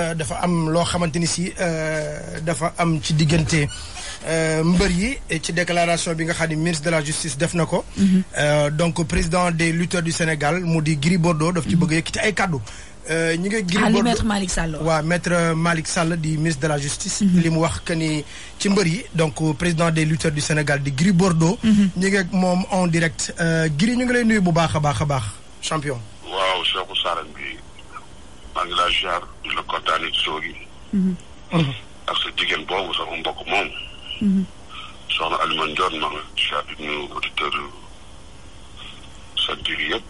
Euh, dafa am loo xamante ni si euh, dafa am ci diggante euh, mbër yi ci déclaration bi nga xam ministre de la justice def na ko. Mhm. donc président des lutteurs du Sénégal mu di Gris Bordeaux daf ci mhm. bëgg a yëkkati ay kàddu. ñi nga Gris Bordeaux maître Malick Sall. maître Malick Sall di ministre de la justice. Mhm. li mu wax que ni ci mbër yi donc président des lutteurs du Sénégal di Gris Bordeaux. ñi nga moom en direct Gris ñu ngi lay nuyu bu baax a baax champion. waaw Cheikhou bi. maa ngi laa jaar di la kontaanee ci soogi. Mm-hmm. ak sa jigéen boobu sama mbokk moom. Mm-hmm. soxna Alioune Ndione maa ngi laa jaar di nuyu auditeur seen biir yëpp.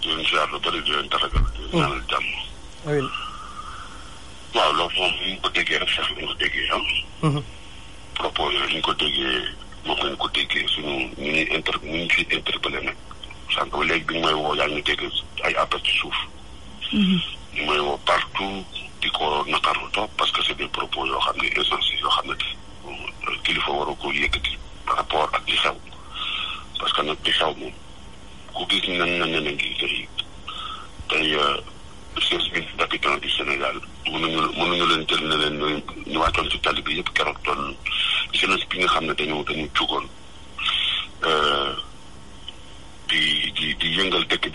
di jaar lu bëri di leen taragal di leen ñaanal mm-hmm. jàmm. waaw loolu moom bu ñu ko déggee rek sax ñu ko déggee ah. propos yooyu ñu ko déggee moom lañ ko déggee suñu ñu ñuy inter ñu ñu fiy interpellé may woo yaa ngi dégg ay appel ci Mm-hmm. mooy woo partout di ko naqarlu topp parce que c' est des yoo xam ne insensibles kilifa war a ko yëkkati par rapport ak li xew parce que nag li xew moom ku gis nan na nen a ngi tey tey euh, seize mille habitants du Sénégal mënuñu mënuñu leen jël ne leen ñu wàccoon ci tali bi yëpp keroog doon jeunesse nga xam ne dañu dañu jugoon euh, di di di yëngal dëkk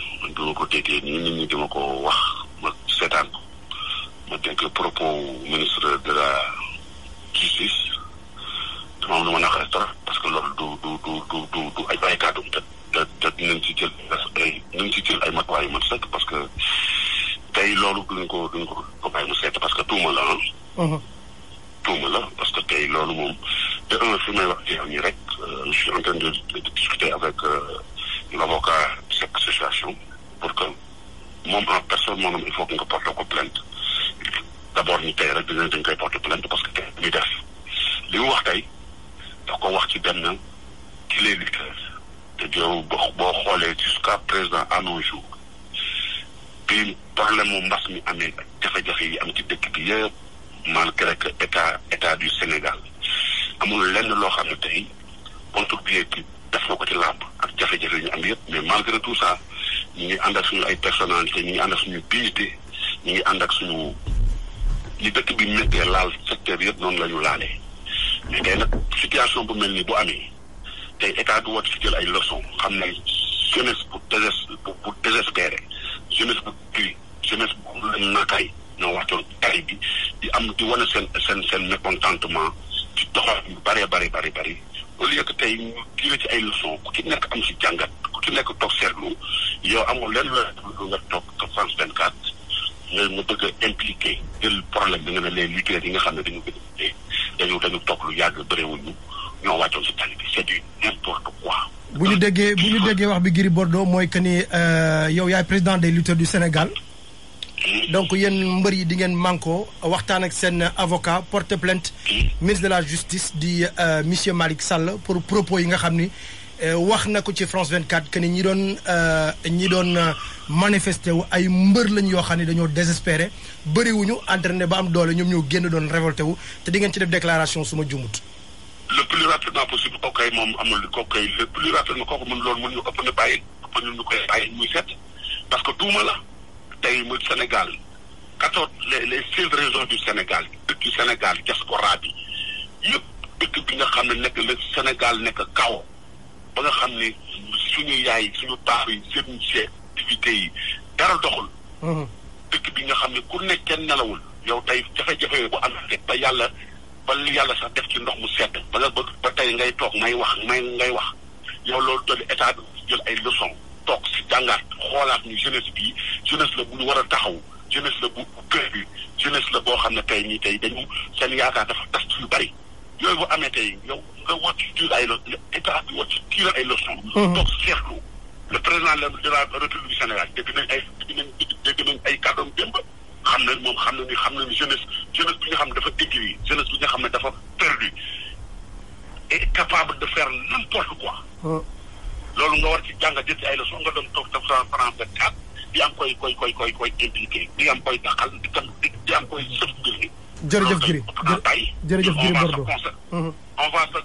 man dama ko déggee nii nit ñi dama ko wax ma seetaan ko ma dégg propos ministre de la justice dama lu ma naqare trop parce que loolu du du du du du du ay bàyyi kàddu te te te dinañ ci jël ay dinañ ci jël ay matuwaay yu mat sëkk parce que tey loolu duñ ko duñ ko ko parce que tuuma la ah. Uh-huh. tuuma la parce que tey loolu moom te may wax ci yow nii rek euh, je discuter avec euh, l'avocat de cette association. pour que moom en personne maanaam il faut que nga porte ko plainte d' abord ñu tey rek dinañ porte plainte parce que tey def li wax tay da ko wax ci benn ci les lutteurs te jow boo xoolee jusqu'à présent à nos jours bi problème mo mbass mi amé ak jafe yi am ci dëkk bi yëpp malgré que état état du Sénégal amul lenn loo xam ne tey contribué ci def ko ci lamb ak jafe-jafe yi ñu am yëpp mais malgré tout ça ñu ngi ànd ak suñu ay personnalité ñu ngi ànd ak suñu piété ñu ngi ànd ak suñu li dëkk bi méttee laal secteur yëpp noonu la ñu laalee. mais tey nag situation bu mel nii bu amee tey état du wat si jël ay leçon xam ne jeunesse bu désespé bu désespéré jeunesse bu tuy jeunesse bu lañ nakaay ñoo waxtoon tay bi di am di wane seen seen seen mécontentement ci doxal bari bari bari bëri bëri au que tey ñu ci ay leçon ku ci nekk am si jàngat ku ci nekk toog seetlu yow amul lenn la nga toog te France 24 nga mu bëgg a impliqué jël problème bi nga ne les lutteurs yi nga xam ne dañu gën a liggéey dañu dañu toog lu yàgg bëriwuñu ñoo wàccoon si tali bi c'est du n'importe quoi. bu ñu déggee bu ñu déggee wax bi Giri Bordeaux mooy que ni euh, yow yaay président des lutteurs du Sénégal. donc yéen mbër yi di ngeen manko waxtaan ak seen avocat porte plainte ministre de la justice di euh, monsieur Malick Sall pour propos yi nga xam ni Eh, wax na ko ci France 24 que ni ñi doon eh, ñi doon eh, manifester wu ay mbër lañ yoo xam ne dañoo désespéré bëriwuñu entraîné ba am doole ñoom ñoo génn doon révolté wu te di ngeen ci def déclaration suma jumut le plus rapidement possible ko kay moom amul kooku kay le plus rapidement kooku mën loolu mën ñu ëpp na bàyyi ëpp ñu koy bàyyi muy set parce que duuma la tey mu Sénégal quatorze les les seize du Sénégal dëkk du Sénégal diaspora bi yëpp bi nga xam ne nekk la Sénégal nekk kaw ba nga xam ne suñu yaay suñu paax yi seen seen activité yi dara doxul. dëkk bi nga xam ne ku nekk kenn nelawul yow tey jafe-jafe yooyu bu am ba yàlla ba yàlla sax def ci ndox mu sedd ba nga ba tey ngay toog may wax may ngay wax yow loolu doon état bi jël ay leçon toog si jàngaat xoolaat ñu jeunesse bi jeunesse la bu ñu war a taxaw jeunesse la bu kër bi jeunesse la boo xam ne tey ñii tey dañu seen yaakaar dafa tas yu bari. vous ay mhm. le président de la république générale, depuis ay perdu est capable de faire n'importe quoi mhm. Ah, jërëjëf Gris jërëjëf Gris Bordeaux on va